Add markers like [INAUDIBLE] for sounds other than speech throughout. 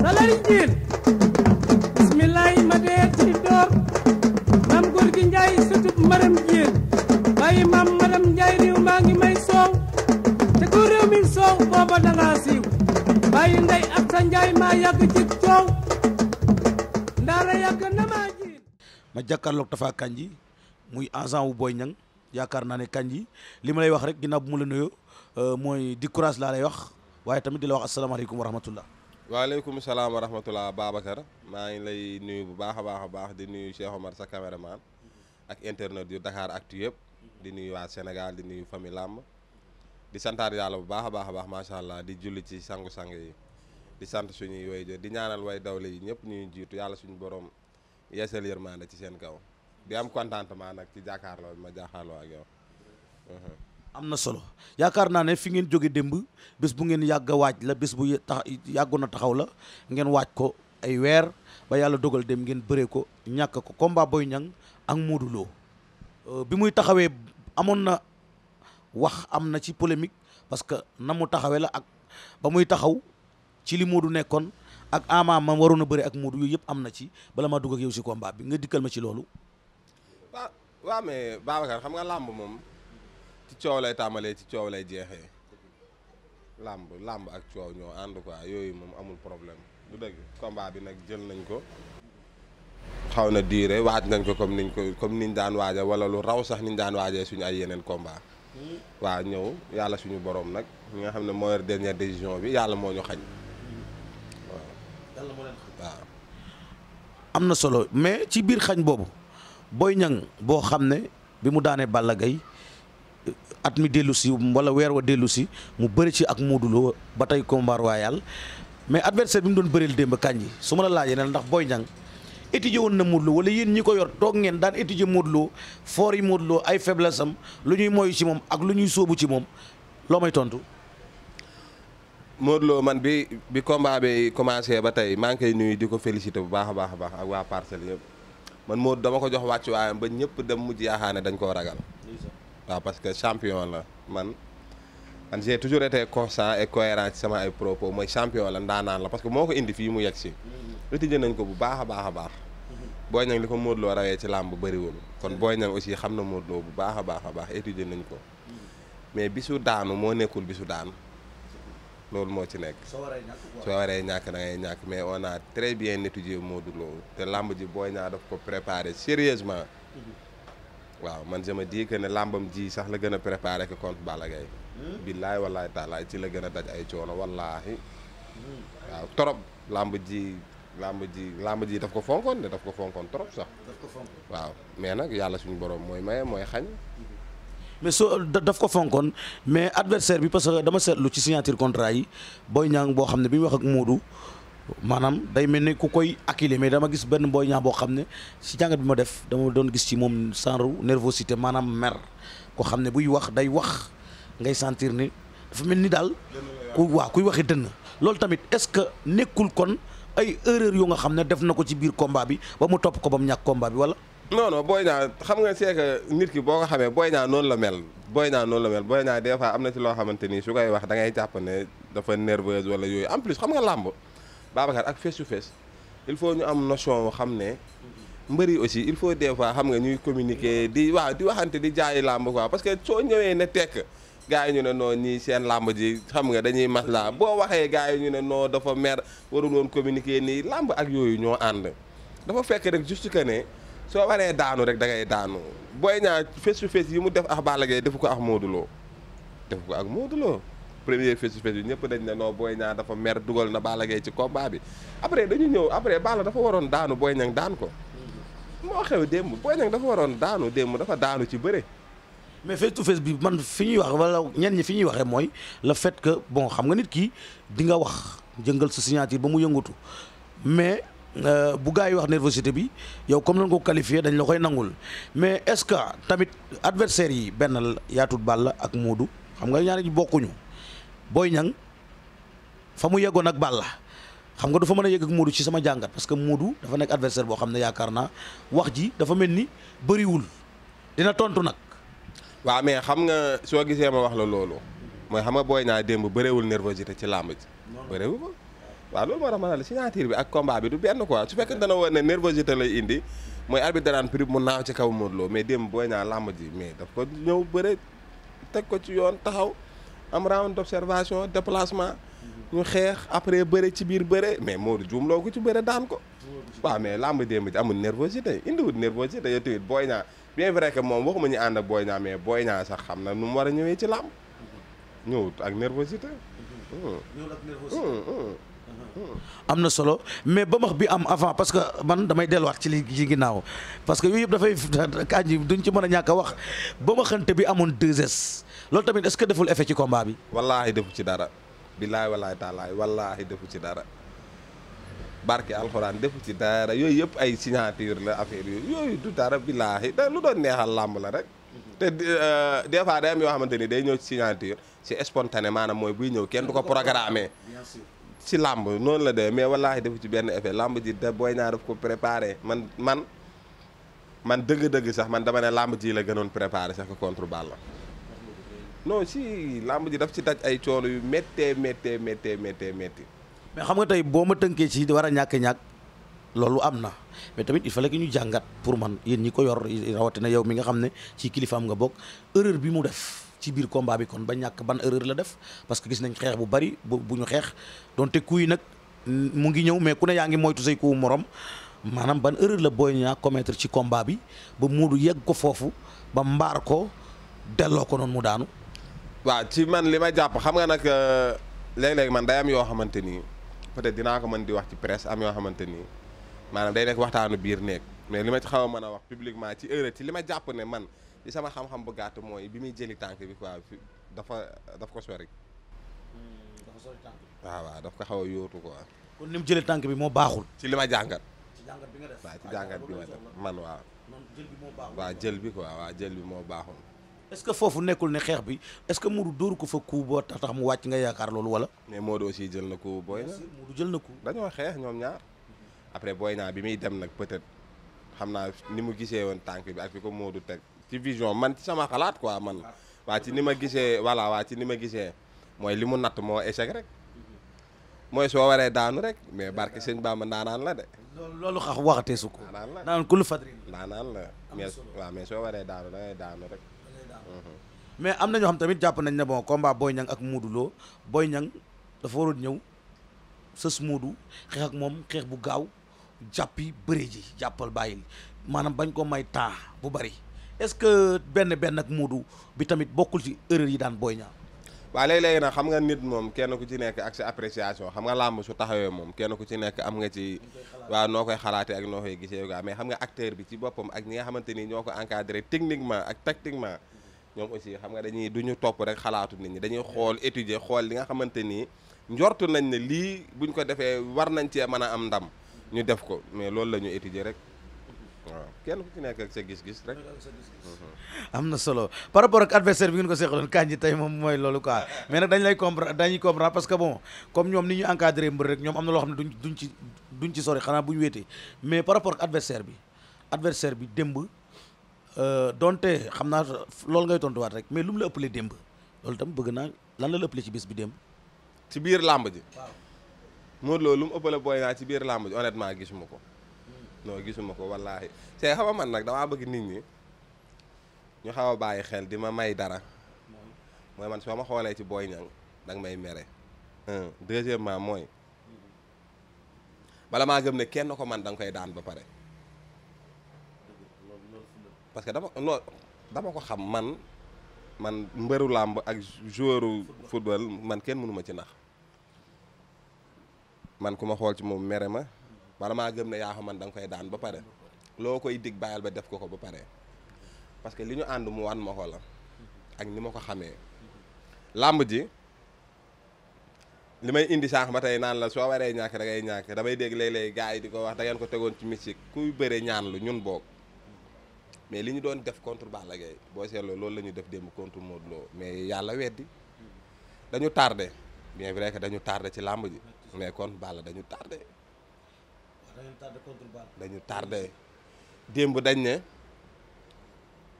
salay jiin bismillaay ma dee ci door maam góor gi njaay sutub maram jiin bàyyi maam maram njaay réew maa ngi may soow te ko réew mi soow booba danga siiw bàyyi ndey ak sa njaay maa yàgg ci coow ndaara yàgg na maa jiin ma jàkkaarloog Tapha Kandji muy agent wu Boy Niang yaakaar naa ne Kandji li ma lay wax rek ginnaaw bu mu la nuyoo euh, mooy di courage laa lay wax waaye tamit di la wax asalaamaaleykum wa rahmatullah waaleykum salaam wa rahmatulah Babacar maa ngi lay nuyu bu baax a baax a baax di nuyu Cheikh Omar sa caméraman ak internet yu Dakar Actu yëpp di nuyu waa Sénégal di nuyu famille làmb di santaat yàlla bu baax a baax a baax macha allah di julli ci sangu-sang yi di sant suñuy way jot di ñaanal way dawle yi ñëpp ñuy jiitu yàlla suñu borom yeesal yërmande ci seen kaw di am contentement nag ci jàkkaarloo bi ma jàkkaarloo ak yow. am na solo yaakaar naa ne fi ngeen jóge démb bés bu ngeen yàgg waaj la bés bu tax yàggoon a taxaw la ngeen waaj ko ay weer ba yàlla dogal dem ngeen bëree ko ñàkk ko combat Boy Niang ak Modou Lo euh, bi muy taxawee amoon na wax am na ci polémique parce que na mu taxawee la ak ba muy taxaw ci li Modou nekkoon ak Ama ma waroon a bëri ak Modou yooyu yëpp am na ci bala ma dugg ak yow si combat bi nga dikkal ma ci loolu. waaw waaw mais Babacar xam nga làmb moom. ci coow lay tàmbalee ci coow lay jeexee làmb làmb ak coow ñoo ànd yooyu moom amul problème du dëgg combat bi nag jël nañ ko xaw na diire waaj nañ ko comme niñ ko comme niñ daan waaja wala lu raw sax niñ daan waajee suñu ay yeneen combat waaw ñëw yàlla suñu boroom nag ñi nga xam ne mooy dernière décision bi yàlla moo ñu xañ waaw am na solo mais ci biir xañ boobu booy Niang boo xam ne bi mu daanee Balla gay at mi dellu si wala weer wa dellu si mu bëri ci ak Modou ba tey combat royal mais adversaire bi mu doon bëreel démb kànji su ma la laajee ne ndax Boy Niang étudier woon na Modou Lo wala yéen ñi ko yor toog ngeen daan étudier Modou Lo fort yi Modou Lo ay faiblesse am lu ñuy moyu ci moom ak lu ñuy sóobu ci moom loo may tontu. Modou Lo man bi bi combat bi commencé ba tey maa ngi koy nuyu di ko félicité bu baax a baax baax ak waa parcelle yëpp man Modou dama ko jox wàccuwaayam ba ñëpp dem mujj yaaxaane dañ koo ragal. waaw parce que champion la man man j'ai toujours été constant et cohérent sama ay propos mooy champion la ndaanaan la parce que moo ko indi fii mu yegg si. utiliser mm-hmm. nañ ko bu baax a baax a baax. Mm-hmm. booy ñang li ko Modou Lo rawee ci làmb bëriwul. kon mm-hmm. booy ñang aussi xam na Modou Lo bu baax a baax a baax étudier nañ ko. mais bisu daanu moo nekkul bisu daan loolu moo ci nekk. soo waree ñàkk soo waree ñàkk da ngay ñàkk mais on a très bien étudié Modou te làmb ji booy ñaa daf ko préparé sérieusement waaw man je me dis ne làmbam ji sax la gën a préparé que contre Balla hmm? billaay wallaay taalaay ci la gën a daj ay coono wallaahi hmm. waaw trop làmb ji làmb ji làmb ji daf ko fonkoon ne daf ko fonkoon trop sax. waaw mais nag yàlla suñu borom mooy maye mooy xañ. mais soo daf ko fonkoon mais adversaire bi parce que dama seetlu ci signature contrat yi Boy Niang boo xam ne bi ñu wax ak Modou. maanaam day mel ni ku koy acculé mais dama gis benn Boy Niang boo xam ne si jàngat bi ma def dama doon gis ci moom genre nervosité maanaam mer ko xam ne buy wax day wax ngay sentir ni dafa mel ni daal ku waaw kuy waxi dënn loolu tamit est-ce que nekkul kon ay erreur yu nga xam ne def na ko ci biir combat bi ba mu topp ko ba mu ñàkk combat bi wala non non Boy xam nga c'est que nit ki boo ko xamee Boy Niang noonu la mel Boy Niang noonu la mel Boy Niang des am na ci loo xamante nii su koy wax da ngay jàpp ne dafa nerveuse wala yooyu en plus xam nga làmb Babacar ak face to face il faut ñu am notion xam ne mbëri aussi il faut des fois xam nga ñuy communique di waaw di waxante di jaayi làmb quoi parce que soo ñëwee ne tekk gars yi ñu ne noo ñii seen làmb ji xam nga dañuy laa boo waxee gars yi ñu ne noo dafa mer warul woon communiquer nii làmb ak yooyu ñoo ànd dafa fekk rek juste que ne soo waree daanu rek da ngay daanu booy ñaar face to face yi mu def ax Balla Gaye defu ko ak mooduloo Lo ko ak Modou Lo premier face to face bi ñëpp dañ ne noo booy Niang dafa mer dugal na Balla Gaye ci combat bi après dañu ñëw après baala dafa waroon daanu booy Niang daan ko moo xew démb Boy Niang dafa waroon daanu démb dafa daanu ci bëre mais face to face bi man fi ñuy wax wala ñenn ñi fi ñuy waxe mooy le fait que bon xam nga nit kii di nga wax jëngal sa signature ba mu yëngatu mais euh, bu gars yi wax nervosité bi yow comme lañ ko qualifié dañ la koy nangul mais est-ce que tamit adversaire yi benn yaatut Balla ak Modou xam nga ñaari bokkuñu booy ñan fa mu yeggoon ak Balla xam nga du fa mën a yegg ak Modou ci sama jàngat parce que muudu dafa nekk adversaire boo xam ne yaakaar naa wax ji dafa mel ni bëriwul dina tontu nag. waa mais xam nga soo gisee ma wax la loolu mooy xam nga booy Niang démb bëriwul nervosité ci làmb ji. bëriwul ko waaw loolu moo tax ma ne la signature bi ak combat bi du benn quoi su fekkee dana woon ne nervosité lay indi mooy arbitre danaan prix mu naaw ci kaw Modou mais démb Boy Niang làmb ji mais daf ko ñëw bëre teg ko ci yoon taxaw. am round d'observation déplacement ñu xeex après bëre ci biir bëre mais Modou juum loo ko ci bëre daan ko waaw mais lamb démb ji amul nervosité indiwut nervosité yow tamit Boy Niang bien que moom waxuma ñu ànd ak Boy Niang mais Boy xam na nu mu a ñëwee ci lamb ñëwut ak nervosité ñëwut hmm, hmm, hmm, am na solo mais ba max bi am avant parce que man damay delluwaat ci li ci ginnaaw parce que yooyu yëpp dafay [LAUGHS] kañ duñ ci mën a ñàkk a wax ba maxante bi amoon 2S loolu tamit est-ce que deful effet ci combat bi. wallaahi defu ci dara. billaay wallaahi taalaay wallaahi defu ci dara. barke alxuraan defu ci dara yooyu yëpp ay signature la affaire yooyu du dara billaahi da lu doon neexal làmb la rek. te euh, des fois am yoo xamante ni day ñëw ci signature c'est spontané maanaam mooy buy ñëw kenn du ko programmé. bien sûr ci làmb noonu la de mais wallaahi defu ci benn effet làmb ji da booy ñaar daf ko préparé man man man dëgg-dëgg sax man dama làmb ji la gënoon préparer sax ko contre Balla. non si làmb ji daf ci daj ay coono yu méttee méttee méttee méttee métti. mais xam nga tey boo ma tënkee ci war a ñàkk ñàkk loolu am na mais tamit il fallait que ñu jàngat pour man yéen ñi ko yor rawatina yow mi nga xam ne ci kilifaam nga bokk erreur bi mu def ci biir combat bi kon ba ñàkk ban erreur la def parce que gis nañ xeex bu bari bu bu ñu xeex donte kuy nag mm, mu ngi ñëw mais ku ne yaa ngi moytu say ku morom maanaam ban erreur la Boy Niang commettre ci combat bi ba Modou yegg ko foofu ba mbaar ko delloo ko noonu mu daanu. waaw ci man li ma jàpp xam nga nag euh, léeg-léeg man day am yoo xamante ni peut-être dinaa ko mën di wax ci presse am yoo xamante ni maanaam day nekk waxtaanu biir néeg mais li ma ci xaw a mën a wax publiquement ci heure ci li ma jàpp ne man ci sama xam-xam bu gàtt mooy bi muy jëli tànk bi quoi dafa daf ko sori. Hmm, dafa daf ko xaw a yóotu quoi. kon ni mu jëlee tànk bi moo baaxul. ci li ma jàngat. ci bi jàngat bi man waaw. man jël bi ko waa jël bi jël bi moo baaxul. est-ce que foofu nekkul ne xeex bi est-ce que Modou dóoru ko fa coup boo tax tax mu wàcc nga yaakaar loolu wala. mais moo aussi jël na coup Boy Niang. Modou jël na coup. dañoo xeex ñoom ñaar après Boy Niang bi muy dem nag peut-être xam naa ni mu gisee woon tànk bi ak ko Modou teg ci vision man sama xalaat quoi man. waa ci ni ma gisee voilà waa ci ni ma gisee mooy li mu natt moo soo waree daanu rek mais barke sëñ Bamba ndaanaan la de. loolu xax waxatee su ko. ndaanaan la naan ku lu fadri. ndaanaan la mais waaw mais soo waree daanu da ngay daanu rek. Mm-hmm. mais am na ñoo xam tamit jàpp nañ ne bon combat Boy Niang ak Modou Lo Boy Niang dafa waroon ñëw sës Modou xeex ak moom xeex bu gaaw jàppi bëri ji jàppal bàyyil maanaam bañ ko may temps bu bëri est-ce que benn benn ak Modou bi tamit bokkul ci erreur yi daan Boy Niang. waaw léeg-léeg nag xam nga nit moom kenn ku ci nekk ak si appréciation xam nga làmb su taxawee moom kenn ku ci nekk am nga ci waaw noo koy xalaatee ak noo koy gisee quoi mais xam nga acteur bi ci boppam ak ñi nga xamante ni ñoo ko encadré techniquement ak tactiquement. ñoom aussi xam nga dañuy du ñu topp rek xalaatu nit ñi dañuy xool étudier xool li nga xamante ni njortu nañ ne lii buñ ko defee war nañ cee mën a am ndam ñu def ko mais loolu la ñu étudier rek waa kenn ku ci nekk ak sa gis-gis rek. am na solo par rapport ak adversaire bi ngeen ko seexaloon tey moom mooy loolu quoi mais nag dañ lay comprendre dañuy comprendre parce que bon comme ñoom ni ñu encadré mbër rek ñoom am na loo xam ne duñ duñ ci duñ ci sori xanaa bu ñu wéetee mais par rapport ak bi adversaire bi démb. Euh, donte xam naa loolu ngay tontuwaat rek mais lu mu la ëppalee démb loolu tam bëgg naa lan la la ëppalee ci bis bi démb. ci biir làmb ji. waaw Modou Lo lu mu booy naa ci biir làmb ji honnêtement gisuma ko. Hmm. non gisuma ko wallaahi see xama man nag damaa bëgg nit ñi ñu xaw a bàyyi xel di ma may dara mooy man soo ma xoolee ci booy ñang danga may mere un deuxièmement mooy hmm. bala maa gëm ne kenn ko man danga koy daan ba pare parce que dama non dama ko xam man man mbëru làmb ak joueuru football man kenn mënuma ci nax man ku ma xool ci moom mere ma bala maa gëm ne yaa man danga koy daan ba pare loo koy dig bàyyal ba def ko ko ba pare parce que li ñu ànd mu wan ma ko la ak ni ma ko xamee làmb ji li may indi sànq ba tey naan la soo waree ñàkk da ngay ñàkk damay dégg léeg-léeg gars yi di ko wax da ngeen ko tegoon ci mystique kuy bëre ñaan lu ñun boog mais li ñu doon def contre Balla Gaye boo seetloo loolu la ñu def démb contre Modou Lo mais yàlla weddi dañu tardé bien vrai que dañu tardé ci làmb ji mais contre Balla dañu tardé. dañu tardé contre dañu tardé démb dañ ne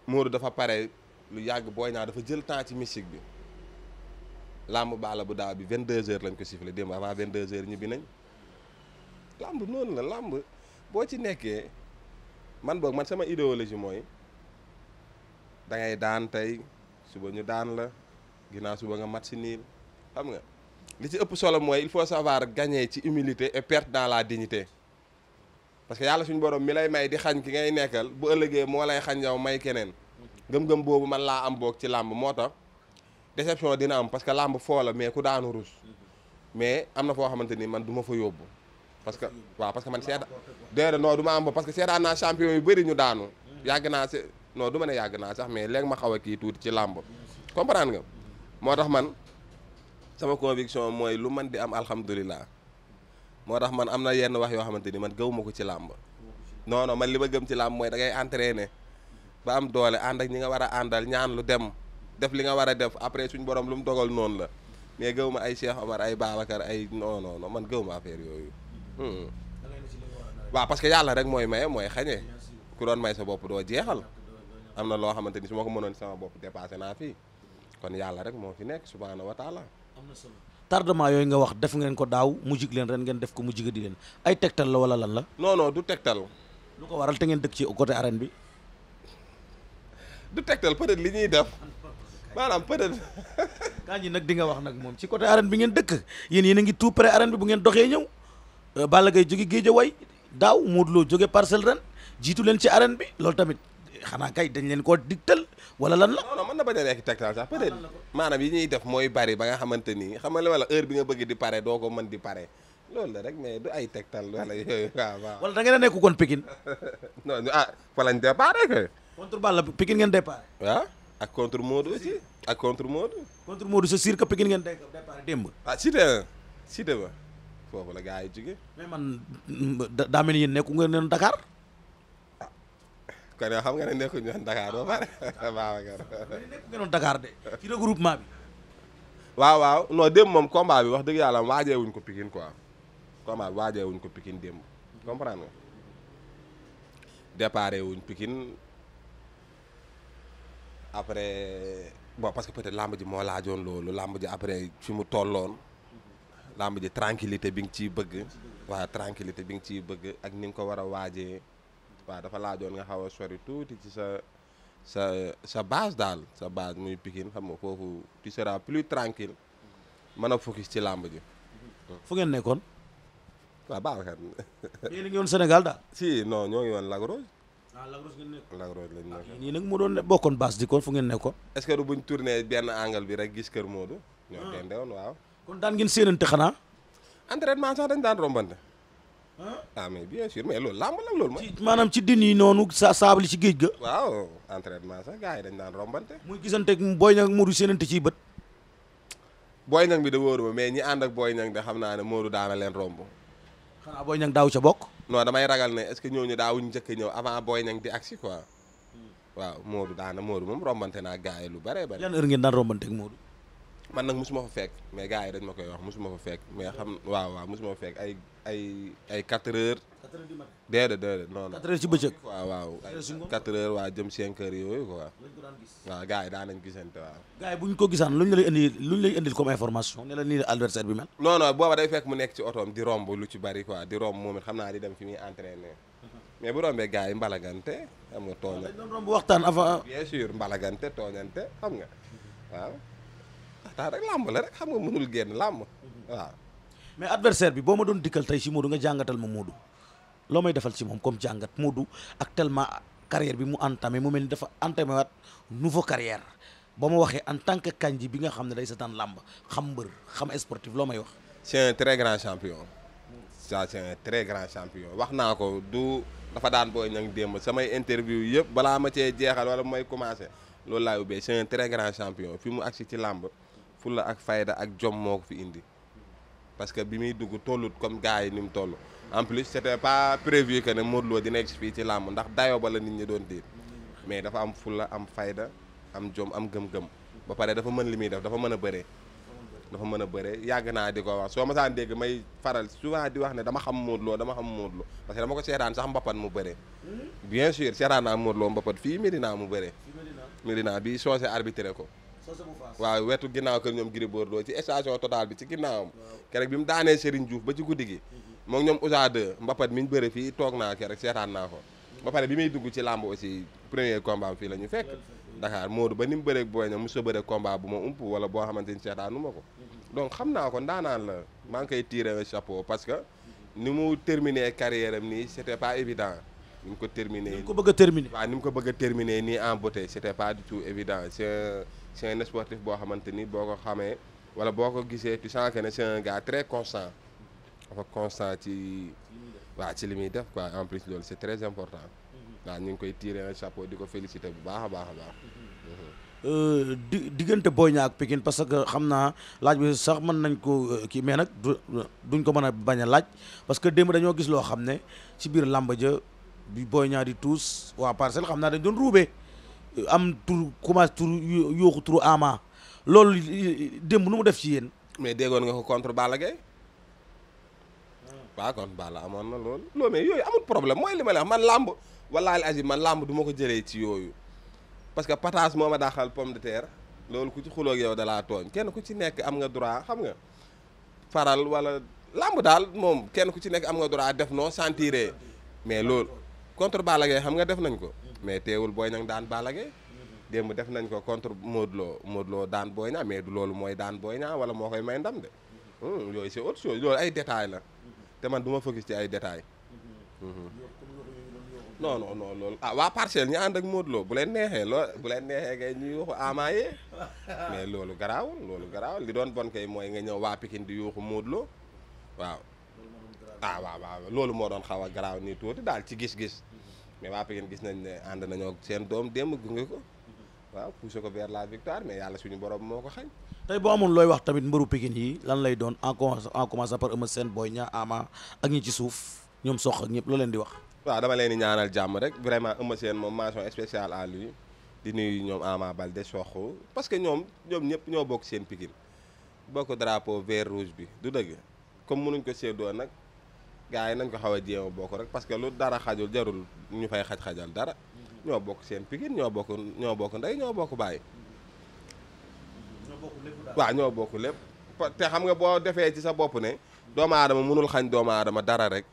Modou dafa pare lu yàgg booy naa dafa jël temps ci mystique bi làmb Balla bu daaw bi 22h lañ ko sifflé démb avant 22h ñibbi nañ làmb noonu la làmb boo ci nekkee. man boog man sama idéologie mooy da ngay daan tey suba ñu daan la ginnaaw suba nga mat si nii xam nga li si ëpp solo mooy il faut savoir gañee ci humilité et perdre dans la dignité parce que yàlla suñu borom mi lay may di xañ ki ngay nekkal bu ëllëgee moo lay xañ yow may keneen gëm-gëm boobu man laa am boog ci làmb moo tax déception dina am parce que làmb foo la mais ku daanu rus mm-hmm. mais am na foo xamante ni man duma fa yóbbu parce que waaw parce que man seeda déedéet non du ma am ba parce que seedaan naa champion yu bëri ñu daanu yàgg naa se non du ma ne yàgg naa sax mais léegi ma xaw a kii tuuti ci làmb comprendre nga moo tax man sama conviction mooy lu man di am alhamdulilah moo tax man am na yenn wax yoo xamante ni man gëw ma ko ci làmb non man li ma gëm ci làmb mooy da ngay entraîner ba am doole ànd ak ñi nga war a àndal ñaan lu dem def li nga war a def après suñ borom lu mu dogal noonu la mais gëw ay Cheikh Omar ay Babacar ay non man gëw ma affaire yooyu Hmm. waa parce que yàlla rek mooy maye mooy xañee ku doon may sa bopp doo jeexal am na loo xamante ni su ma ko mënoon sama bopp dépassé naa fi kon yàlla rek moo fi nekk subhaana wa taala am na solo tardement yooyu nga wax def ngeen ko daaw mu jig leen ren ngeen def ko mu jiga di leen ay tegtal la wala lan la non du tegtal lu ko waral te ngeen dëkk ci côté arène bi du tegtal peut-être li ñuy def maanaam peut-être gaa ñi nag di nga wax nag moom ci côté arène bi ngeen dëkk yéen yéen a ngi tout près arène bu ngeen doxee ñëw Euh, Balla Gaye jóge way daaw Modou Lo jóge Parcelles ren jiitu leen ci arène bi loolu tamit xanaa kay dañ leen koo digtal wala lan la. non man na bañ a nekk tegtal sax peut être maanaam yi ñuy def mooy bari ba nga xamante ni xam nga li wala heure bi nga bëgg di pare doo ko mën di pare loolu la rek mais du ay tegtal wala yooyu waaw wala da ngeen nekk kon Pikine. [LAUGHS] non ah fa lañ départ kay. contre Balla Pikine ngeen départ. waaw ah, ak contre Modou aussi. contre Modou. contre Modou c'est sûr que Pikine ngeen départ démb. ah si de si de ba. foofu la gaa yi jóge mais man daa mel nekku nga neen Dakar ah, kon yow xam nga ne nekkuñ ñoon Dakar [LAUGHS] nekku ngeen Dakar de ci regroupement bi waaw waaw non démb moom combat bi wax dëgg yàlla waajee wuñ ko Pikine ko combat bi waajee wuñ ko Pikine démb comprendre nga déparé wuñ Pikine après bon parce que peut-être ji moo laajoon loolu làmb ji fi mu tolloon làmb ji tranquillité bi nga ciy bëgg waa tranquillité bi nga ciy bëgg ak ni nga ko war a waajee waaw dafa laajoon nga xaw a sori tuuti ci sa sa sa base daal sa base muy Pikine xam nga foofu tu seras plus tranquille mën a focus ci làmb ji fu ngeen nekkoon waaw Babacar yéen a ngi woon Sénégal daal [LAUGHS] si non ñoo ngi woon Lagros ah Lagros ngeen nekk Lagros lañ nekk nii nag mu doon bokkoon base di kon fu ngeen nekkoon est-ce que du buñ tourné benn angle bi rek gis kër Modou ñoo ah. dendewoon waaw kon daan ngeen séenante xanaa. entraînement sax dañ daan rombante. ah mais bien sûr mais loolu làmb la maanaam ci din yi noonu sa saabli ci géej ga. waaw entraînement sax gars yi dañ daan rombante. muy gisanteeg booy nag Modou séenante ciy bët. booy nag bi da wóoruma mais ñi ànd ak booy nag de xam naa ne Modou daana leen romb. xanaa booy nag daaw ca bokk. non damay ragal ne est-ce que ñooñu daawuñu njëkk a ñëw avant booy nag di agsi quoi. Hmm. waaw Modou daana Modou moom rombante naa gars yi lu bare bare. yan heure ngeen daan rombante ak Modou. man nag mosuma fa fekk mais gars yi dañ ma koy wax mosuma fa fekk mais xam waaw waaw mosuma fa fekk ay ay ay 4 heures. 4 heures du matin déedéet déedéet non non. 4 heures ci bëccëg waaw waaw. 4 heures waaw jëm 5 heures yooyu quoi. waaw gars yi daan nañ gisante waaw. gars yi bu ñu ko gisaan luñ lay indi luñ lay indil comme information ne la nii la adversaire bi mel. non non booba day fekk mu nekk ci otoom di romb lu ci bari quoi di romb moom it xam naa di dem fi muy entraîné. [LAUGHS] mais bu rombee gars yi mbalagante xam nga tooñante. waaw dañ doon romb waxtaan avant. bien sûr mbalagante tooñante xam nga waaw waxtaan rek làmb la rek xam nga mënul génn làmb waaw. mais adversaire bi boo ma doon dikkal tey si Modou nga jàngatal ma Modou loo may defal si moom comme jàngat Modou ak tellement carrière bi mu entamé mu mel ni dafa entamé waat nouveau carrière ba ma waxee en tant que Kandji bi nga xam ne day seetaan làmb xam mbër xam sportif loo may wax. c'est un très grand champion. ça wax naa ko du dafa daan booy ñang démb samay interview yëpp balaa ma cee jeexal wala may commencer loolu ubbee c'est un très grand mu agsi ci làmb. fulla ak fayda ak jom moo ko fi indi parce que bi muy dugg tollu comme gars yi ni mu toll en plus c'était pas prévu que ne Modou Lo dina egsi fii ci làmb ndax dayoo ba la nit ñi doon diir mais dafa am fulla am fayda am jom am gëm-gëm ba pare dafa mën li muy def dafa mën a bëree dafa mën a bëree yàgg naa di ko wax soo ma saan dégg may faral souvent di wax ne dama xam Modou Lo dama xam Modou Lo parce que dama ko seetaan sax mbapat mu bëree hmm? bien sûr seetaan naa Modou Lo mbapat mu bëree Medina bi ko waaw wetu ginnaaw kër ñoom Gris Bordeaux ci station Total bi ci ginnaawam keroog bi mu daanee Serigne Diouf ba ci guddi gi mhm. moom ñoom Ousa 2 mbapat mi ñu bëre fii toog naa rek seetaan naa ko ba pare bi muy dugg ci làmb aussi premier combat fii la ñu fekk Dakar Modou ba ni mu bëreeg booy ñoom mos a bëreeg combat bu ma ump wala boo xamante ni seetaanu ma ko mhm. donc xam naa ko ndaanaan la maa ngi koy tiré un chapeau parce que ni mu termine carrière am nii c'était pas évident ni mu ko terminé. ni mu ko bëgg a terminé. waaw ni mu ko bëgg a terminé en beauté c'était pas c'est un sportif boo xamante ni boo ko xamee wala boo ko gisee tu sens que ne c'est un gars très constant dafa constant ci waa ci li muy def quoi en plus loolu c'est très important waaw ñu ngi koy tirer un chapeau di ko féliciter bu baax a baax a baax euh, di diggante Boy Niang ak Pikine parce que xam naa laaj bi sax mën nañ ko euh, kii mais nag duñ ko mën a bañ a laaj parce que démb dañoo gis loo xam ne ci biir làmb ja bi Boy Niang di tuus waa parcelle xam naa dañ doon ruubee am tour tur commencé tur yooxu turu ama loolu démb nu mu def ci yéen. mais déggoon nga ko contre Balla Gaye waaw kon amoon na loolu non mais yooyu amul problème mooy li ma la man làmb wallaahi aji man làmb duma ko jëlee ci yooyu parce que pataas moo ma daaxal pomme de terre loolu ku ci xuloo ak yow dalaa tooñ kenn ku ci nekk am nga droit xam nga faral wala làmb daal moom kenn ku ci nekk am nga droit def noo sentiré mais loolu contre Balla xam nga def nañ ko. mais teewul booy Niang daan Balla Gaye def nañ ko contre Modou Lo Modou Lo daan booy Niang mais du loolu mooy daan booy Niang wala moo koy may ndam de hmm, yooyu c'est loolu ay détails la te man duma ma focus ci ay détails hmm. non non non loolu ah waa parcelle ñu ànd ak Modou Lo bu leen neexee lool bu leen neexee kay ñu yuuxu amaayee mais loolu garaawul loolu garaawul li doon bon kay mooy nga ñëw waa Pikine di yuuxu Modou Lo waaw ah waaw waaw loolu moo doon xaw a garaaw nii tuuti daal ci gis-gis mais waa Pikine gis nañ ne ànd nañoo seen doom démb gunge ko waaw poussé ko vers la victoire mais yàlla suñu borom moo ko xañ tey boo amoon looy wax tamit mbëru Pikine yi lan lay doon en commence en commençant par Eumeu Sène Boy Niang Ama ak ñi ci suuf ñoom sox ak ñëpp loo leen di wax waa dama leen di ñaanal jàmm rek vraiment Eumeu Sène moom mention spéciale à lui di nuyu ñoom Ama Baldé sox parce que ñoom ñoom ñëpp ñoo bokk seen Pikine bokk drapeau vert rouge bi du dëgg comme mënuñ ko séddoo nag gars yi nañ ko xaw a jéem bokk rek parce que lu dara xajul jarul ñu fay xaj-xajal dara ñoo bokk seen pikin ñoo bokk ñoo bokk ndey ñoo bokk baay. waa bokk ñoo bokk lépp te xam nga boo defee ci sa bopp ne doomu aadama mënul xañ doomu aadama dara rek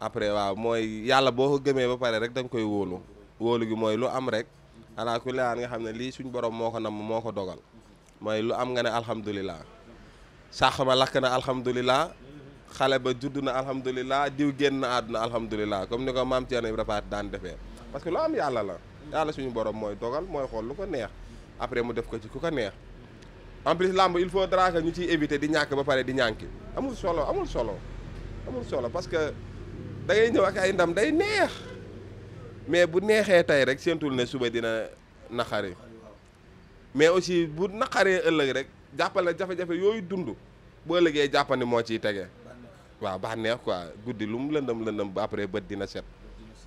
après waaw mooy yàlla boo ko gëmee ba pare rek da koy wóolu wóolu gi mooy lu am rek alaa ku laan nga xam ne lii suñ borom moo ko namm moo ko dogal mooy lu am nga ne alhamdulilah sàq ma lakk na alhamdulilah xale ba judd na alhamdulilah diw génn àdduna alhamdulilah comme ni ko maam Thierno Ibrahima Faty daan defee parce que loo am yàlla la yàlla suñu borom mooy dogal mooy xool lu ko neex après mu def ko ci ku ko neex en plus làmb il faut dara que ñu ciy éviter di ñàkk ba pare di ñànki amul solo amul solo amul solo parce que da ngay ñëw ak ay ndam day neex mais bu neexee tey rek seentul ne suba dina naqari mais aussi bu naqaree ëllëg rek jàppale na jafe-jafe yooyu dund bu ëllëgee jàppandi moo ciy tege waaw bànneex quoi guddi lu mu lëndëm lëndëm ba après bët dina set.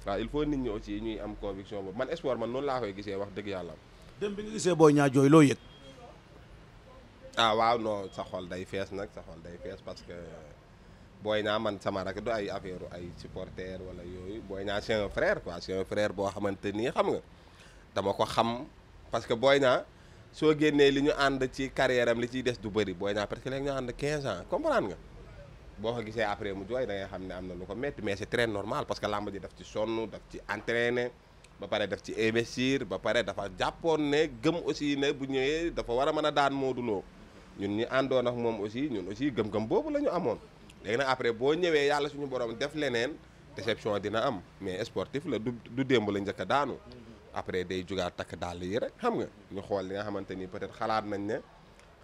waaw il faut nit ñi aussi ñuy am conviction boobu man espoir man noonu laa koy gisee wax dëgg yàlla. dem bi nga gisee booy ñaa jooy loo yëg. ah waaw non sa xol day fees nag sa xol day fees parce que booy ñaa man sama rak du ay affaire ay supporter wala yooyu booy ñaa c'est un boo xamante nii xam nga dama ko xam parce que booy ñaa soo génnee li ñu ànd ci carrière am li ciy des du bëri booy ñaa parce que léegi ñu ànd 15 ans boo ko gisee après mu jooy da ngay xam ne am na lu ko metti mais c'est très normal parce que làmb ji daf ci sonn daf ci entraîner ba pare daf ci investir ba pare dafa jàppoon ne gëm aussi ne bu ñëwee dafa war a mën a daan Modou Lo ñun ñi àndoon ak moom aussi ñun aussi gëm-gëm boobu la ñu amoon léegi nag après boo ñëwee yàlla suñu borom def leneen déception dina am mais sportif la du du démb la njëkk a daanu après day jugaat takk dàll yi rek xam nga ñu xool li nga xamante ni peut-être xalaat nañ ne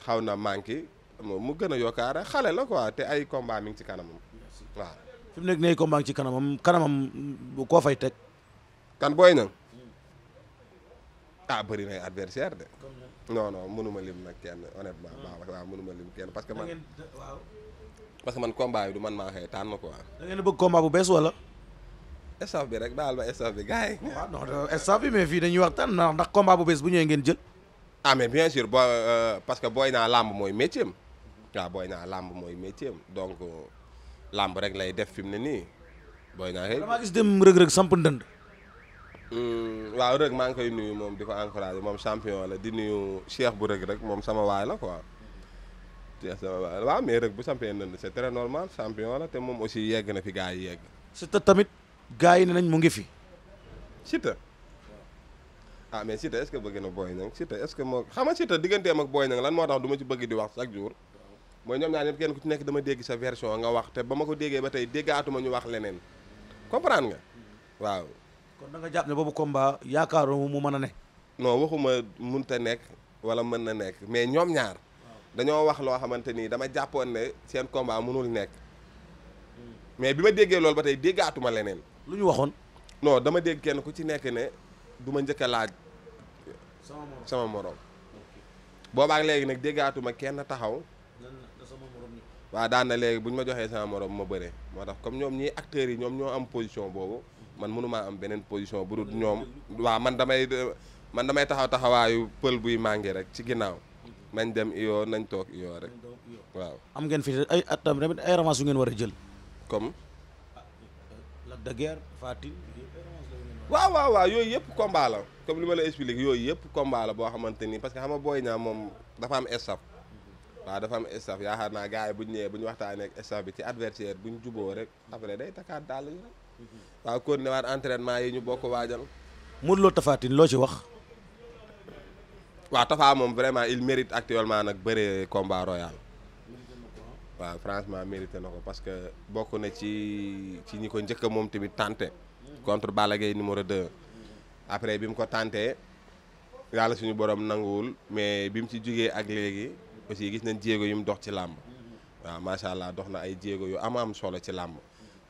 xaw na manqué mu gën a yokkaare xale la quoi te ay combat mi ngi ci kanamam waaw fi nekk nii ay combat ci kanamam kanamam koo fay teg kan booy na hmm. ah bëri nay adversaire de non mënuma lim nag kenn honnêtement baax ah. waaw mënuma lim kenn parce que man combat yi du man maa xëy tànn quoi da ngeen bëgg combat bu bees wala staff bi rek baal ma staff bi gars yi [LAUGHS] waaw non staff bi mais fii dañuy waxtaan ndax combat bu bees bu ñëwee ngeen jël ah mais euh, que booy naa mooy métier waaw Boy Niang làmb mooy métier am donc euh, làmb rek lay def fi mu ne nii Boy Niang kay. damaa gis dem rëg-rëg samp ndënd. Hmm, waaw rëg maa ngi koy nuyu moom di ko encouragé moom champion la di nuyu Cheikh bu rëg rek moom sama waay la quoi. Cheikh sama waay mais rëg bu sampee ndënd c'est très normal champion la te moom aussi yegg na fi gars yi yegg. Siteu tamit gars yi ne nañ mu ngi fi. Siteu. ah mais Siteu est bëgg na booy Niang Siteu est-ce que moo xam nga digganteem ak Boy Niang lan moo tax duma ma ci bëgg di wax chaque mooy ñoom ñaar ñëpp kenn ku ci nekk dama dégg sa version nga wax te ba ma ko déggee ba tey déggaatuma ñu wax leneen comprendre nga waaw. kon da nga jàpp ne boobu combat yaakaaroon mu mën a ne. noo waxuma munta nekk wala mën na nekk mais ñoom ñaar. dañoo wax loo xamante ni dama jàppoon ne seen combat mënul nekk. mais bi ma déggee loolu ba tey déggaatuma leneen. lu ñu waxoon. non dama dégg kenn ku ci nekk ne du ma njëkk a laaj. sama morom sama morom. boobaak léegi nag déggaatuma kenn taxaw. waaw daan na léegi bu ñu ma joxee sama morom ma bëre moo tax comme ñoom ñii acteurs yi ñoom ñoo am position boobu man mënumaa am beneen position bu dul ñoom waaw man damay man damay taxaw taxawaayu pël buy màngi rek ci ginnaaw nañ dem iyoo nañ toog iyoo rek waaw. am ngeen fi ay at tamit ay yu ngeen war a jël. comme. Lac de Guiers Fatim. waaw waaw yooyu yëpp combat la comme li ma la expliqué boo xamante ni parce que xam nga Boy moom dafa am staff. waaw dafa am staff yaakaar naa gars yi bu ñu ñëwee bu ñu waxtaanee ak staff bi ci adversaire bu ñu juboo rek après day takkaat daal yi rek. waaw continué waat entraînement yi ñu bokk waajal. Modou Lo Tapha Tine loo ci wax. waa Tapha moom vraiment il mérite actuellement nag bëree combat royal. waaw franchement mérité na ko parce que bokk na ci ci ñi ko njëkk moom tamit tenté contre Balla Gaye numéro 2 après bi mu ko tenté yàlla suñu borom nanguwul mais bi mu ci jugee ak léegi. aussi gis nañ jéego yu mu dox ci làmb waaw macha allah dox na ay jéego yu am am solo ci làmb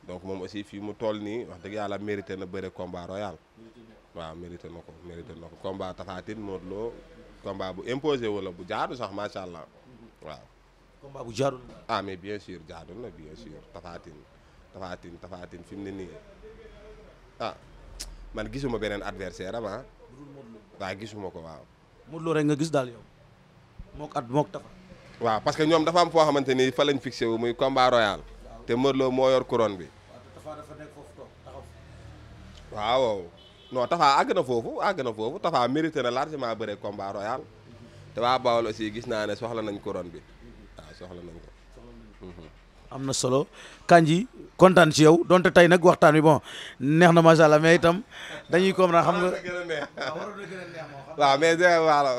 donc moom aussi fii mu toll nii wax dëgg yàlla mérité na bëre combat royal waaw mérité na ko mérité na ko combat tafaatin Modou combat bu imposé wala bu jaadu sax macha allah waaw. bu jaadu ah mais bien sûr jaadu na bien sûr tafaatin tafaatin tafaatin fi mu ne nii ah man gisuma beneen adversaire am ah. gisuma ko waaw. gis mook at mook tafa waaw parce que ñoom dafa am foo xamante ni fa lañ fixé wu muy combat royal te Modou moo yor couronne bi waaw non Tafa àgg na foofu àgg na foofu Tafa mérité na largement bëre combat royal mm-hmm. te waa Bawol aussi gis naa ne soxla nañ couronne bi mm-hmm. waaw soxla nañ ko mm-hmm. am na solo Kandji kontaan ci yow donte tey nag waxtaan wi bon neex na macha allah mais itam dañuy comprendre xam nga. waaw mais voilà.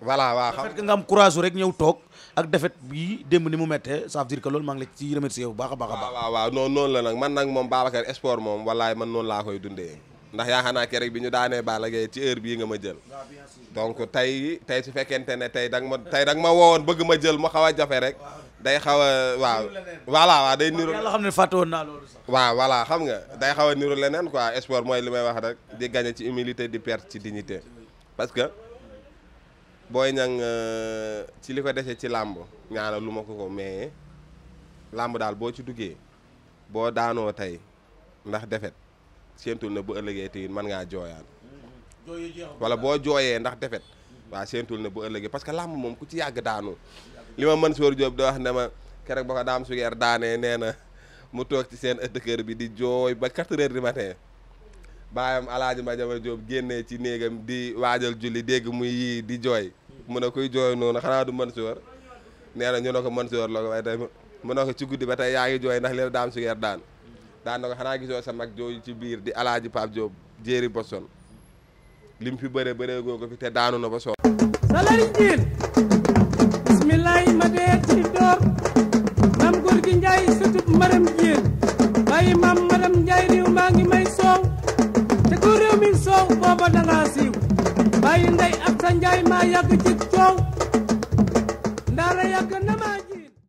voilà waaw xam nga am courage rek ñëw toog. ak dafet bii dem ni mu méttee ça veut dire que loolu maa ngi la ci remercier bu baax a baax a baax waaw waaw man nag moom Babacar sport moom wallaay man noonu laa koy dundee ndax yaakaar naa ke rek bi ñu daanee Balla Gaye ci bii nga ma jël ah, donc tey tey su fekkente ne tey dang ma tey danga ma woowoon bëgg ma jël mu xaw a jafe rek day xaw a waaw waaw day niru yàlla xam ne fàtte naa loolu sax waaw xam nga day xaw a niru leneen quoi sport mooy li may wax rek di gagner ci humilité di perdre ci dignité parce que booy Niang euh, ci li ko dese ci làmb ñaana lu ma ko ko mais làmb daal boo ci duggee boo daanoo tey ndax defet seentul na bu ëllëgee te mën ngaa jooyaan mm-hmm. wala boo jooyee ndax defet waaw seentul na bu ëllëgee parce que làmb moom ku ci yàgg daanu li ma Mansour Diop di wax ne ma keroog ba ko daam sugeer daanee nee na mu toog ci seen ëtt kër bi di jooy ba quatre heures du matin baayam alaaji Madiama jóob génnee ci néegam di waajal julli dégg muy yii di jooy mun ne kuy jooy noonu xanaa du Mansour nee na ñu ne ko Mansour la ko waaye tey mu ne ko ci guddi ba tey yaa ngi jooy ndax leen daam sugeer daan daan na ko xanaa gisoo sa mag jooju ci biir di alaaji Pape Diop jéeri Boston lim fi bëre bëre goo fi te daanu na ba soon sa dee ci door maam góor njaay sëtub maram jéen bàyyi maam maram njaay réew maa ngi may soow te ko mi soow booba dangaa siiw bàyyi ndey ak njaay maa yàgg ci coow ndaara yàgg na maa ji